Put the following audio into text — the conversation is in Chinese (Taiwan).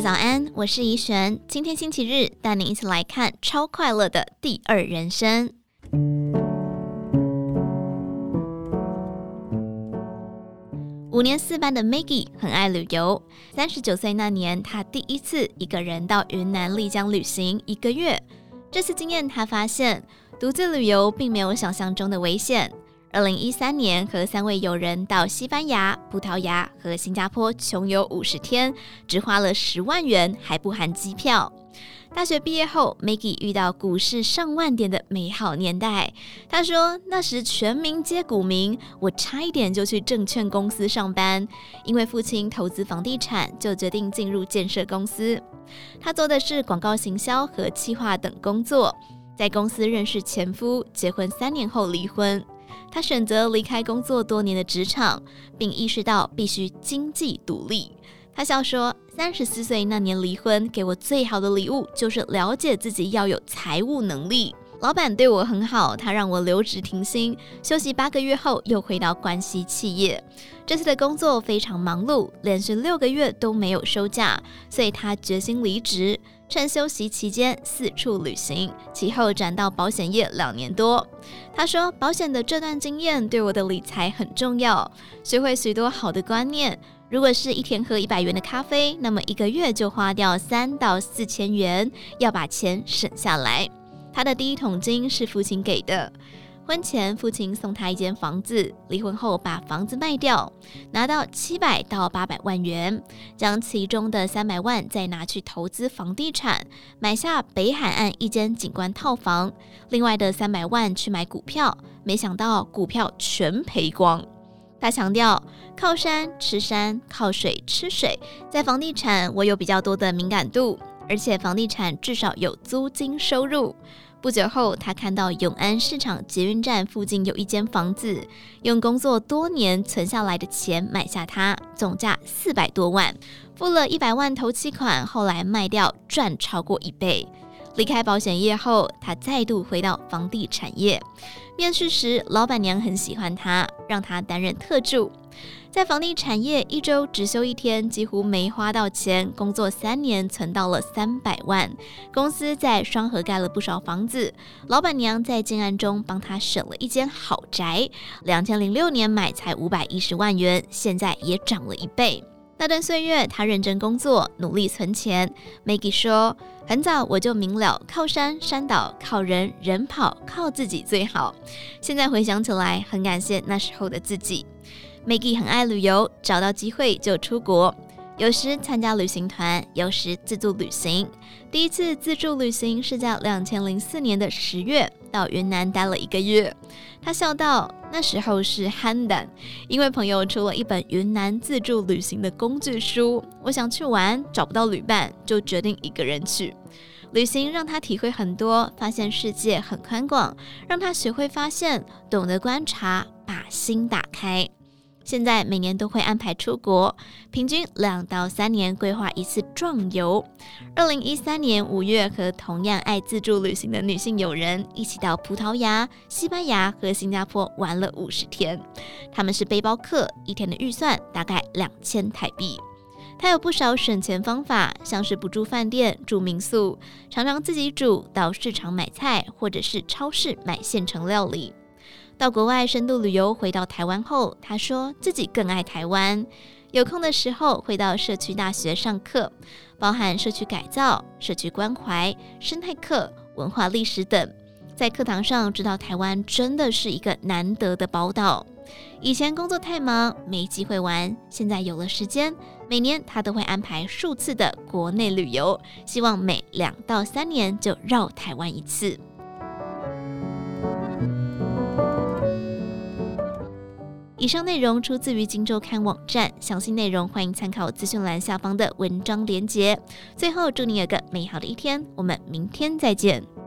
早安，我是怡璇。今天星期日，帶您一起來看超快樂的第二人生。五年四班的 Maggie 很愛旅遊，三十九歲那年，她第一次一個人到雲南麗江旅行一個月。這次經驗，她發現獨自旅遊並沒有想象中的危險。二零一三年和三位友人到西班牙、葡萄牙和新加坡窮遊五十天，只花了十萬元，還不含機票。大學畢業後，Maggie 遇到股市上萬點的美好年代。她說：“那時全民皆股民，我差一點就去證券公司上班。因為父親投資房地產，就決定進入建設公司。她做的是廣告行銷和企劃等工作，在公司認識前夫，結婚三年後離婚。”她選擇離開工作多年的職場，並意識到必須經濟獨立。她笑說：“三十四歲那年離婚，給我最好的禮物就是了解自己，要有財務能力。”老闆對我很好，他讓我留職停薪休息八個月後，又回到關係企業。這次的工作非常忙碌，連續六個月都沒有休假，所以他決心離職，趁休息期間四處旅行。其後轉到保險業兩年多。他說，保險的這段經驗對我的理財很重要，學會許多好的觀念。如果是一天喝一百元的咖啡，那麼一個月就花掉三到四千元，要把錢省下來。他的第一桶金是父親給的，婚前父親送他一間房子，離婚後把房子賣掉，拿到七百到八百萬元，將其中的三百萬再拿去投資房地產，買下北海岸一間景觀套房，另外的三百萬去買股票，沒想到股票全賠光。他強調，靠山吃山，靠水吃水，在房地產我有比較多的敏感度，而且房地產至少有租金收入。不久後，他看到永安市場捷運站附近有一間房子，用工作多年存下來的錢買下它，總價四百多萬，付了一百萬頭期款，後來賣掉賺超過一倍。離開保險業後，他再度回到房地產業。面試時，老板娘很喜歡他，讓他擔任特助。在房地產業，一周只休一天，幾乎沒花到錢。工作三年，存到了三百萬。公司在雙和蓋了不少房子，老板娘在競案中幫他省了一間豪宅。兩千零六年買才五百一十萬元，現在也漲了一倍。那段歲月，她認真工作，努力存錢。Maggie 說：“很早我就明了，靠山山倒，靠人人跑，靠自己最好。現在回想起來，很感謝那時候的自己。” Maggie 很愛旅遊，找到機會就出國，有時參加旅行團，有時自助旅行。第一次自助旅行是在兩千零四年的十月。到雲南待了一個月，她笑道：“那時候是憨膽，因為朋友出了一本雲南自助旅行的工具書，我想去玩，找不到旅伴，就決定一個人去。旅行讓她體會很多，發現世界很寬廣，讓她學會發現，懂得觀察，把心打開。”現在每年都會安排出國，平均兩到三年規劃一次壯遊。二零一三年五月，和同樣愛自助旅行的女性友人一起到葡萄牙、西班牙和新加坡玩了五十天。她們是背包客，一天的預算大概兩千台幣。她有不少省錢方法，像是不住飯店，住民宿，常常自己煮，到市場買菜，或者是超市買現成料理。到國外深度旅遊，回到台灣後，他說自己更愛台灣。有空的時候會到社區大學上課，包含社區改造、社區關懷、生態課、文化歷史等。在課堂上知道台灣真的是一個難得的寶島。以前工作太忙，沒機會玩，現在有了時間，每年他都會安排數次的國內旅遊，希望每兩到三年就繞台灣一次。以上內容出自於《今周刊》網站，詳細內容歡迎參考資訊欄下方的文章連結。最後，祝你有個美好的一天，我們明天再見。